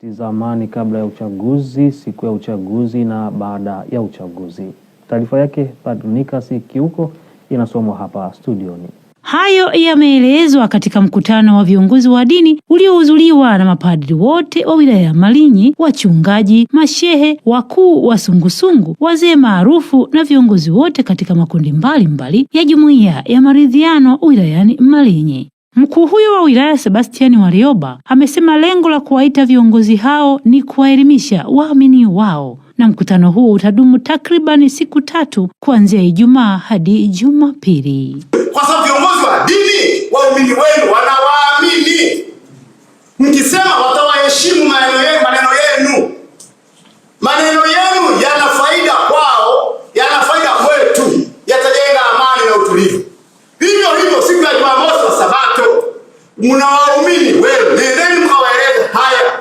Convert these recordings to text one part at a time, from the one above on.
tizamani kabla ya uchaguzi, siku ya uchaguzi na baada ya uchaguzi. Taarifa yake Padri Nikas Kiuko inasomwa hapa studioni. Hayo yameelezwa katika mkutano wa viongozi wa dini uliohudhuriwa na mapadri wote wa wilaya ya Malinyi, wachungaji, mashehe, wakuu wa sungusungu, wazee maarufu na viongozi wote katika makundi mbalimbali mbali ya jumuiya ya maridhiano wilayani Malinyi. Mkuu huyo wa wilaya Sebastian Warioba amesema lengo la kuwaita viongozi hao ni kuwaelimisha waamini wao na mkutano huo utadumu takribani siku tatu kuanzia Ijumaa hadi Jumapili. Kwa sababu viongozi wa dini, waumini wenu wanawaamini, mkisema watawaheshimu maneno mna waumini wewe, nendeni mkawaeleze haya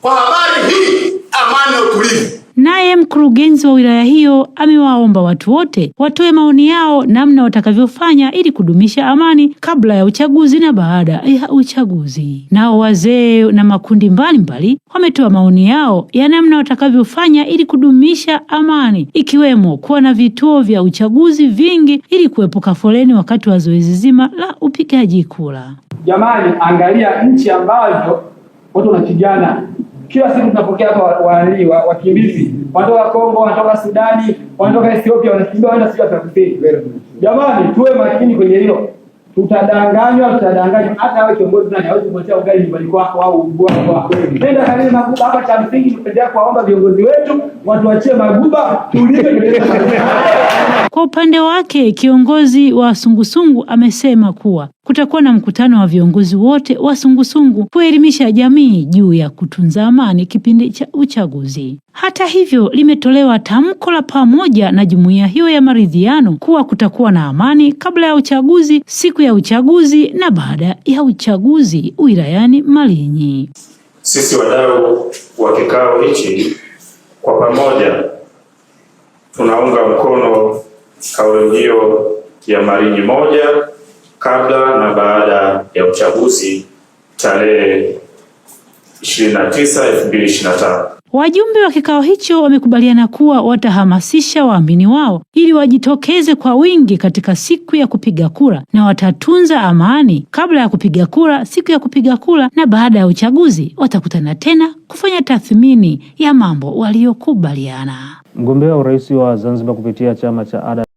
kwa habari hii, amani na utulivu. Naye mkurugenzi wa wilaya hiyo amewaomba watu wote watoe maoni yao namna watakavyofanya ili kudumisha amani kabla ya uchaguzi na baada ya uchaguzi. Nao wazee na makundi mbalimbali wametoa maoni yao ya namna watakavyofanya ili kudumisha amani, ikiwemo kuwa na vituo vya uchaguzi vingi ili kuepuka foleni wakati wa zoezi zima la upigaji kura. Jamani, angalia nchi ambazo watu wanachijana kila siku. Tunapokea hapa waanii wa, wakimbizi wanatoka Kongo, wanatoka Sudani, wanatoka Ethiopia, wanakimbia waenda Sudani Kusini. Jamani, tuwe makini kwenye hilo. Tutadanganywa, tutadanganywa. Hata wewe kiongozi nani hawezi kukuletea ugali nyumbani kwako au kwa kweli. Nenda kanini Maguba hapa, cha msingi nipendea kuwaomba viongozi wetu watuachie Maguba tulipe. Kwa upande wake kiongozi wa sungusungu amesema kuwa kutakuwa na mkutano wa viongozi wote wa sungusungu kuelimisha jamii juu ya kutunza amani kipindi cha uchaguzi. Hata hivyo, limetolewa tamko la pamoja na jumuiya hiyo ya maridhiano kuwa kutakuwa na amani kabla ya uchaguzi, siku ya uchaguzi na baada ya uchaguzi wilayani Malinyi. Sisi wadau wa kikao hichi kwa pamoja tunaunga mkono kauli hiyo ya Malinyi moja kabla na baada ya uchaguzi tarehe 29 2025. Wajumbe wa kikao hicho wamekubaliana kuwa watahamasisha waamini wao ili wajitokeze kwa wingi katika siku ya kupiga kura na watatunza amani kabla ya kupiga kura, siku ya kupiga kura na baada ya uchaguzi watakutana tena kufanya tathmini ya mambo waliyokubaliana. Mgombea wa urais wa Zanzibar kupitia chama cha ada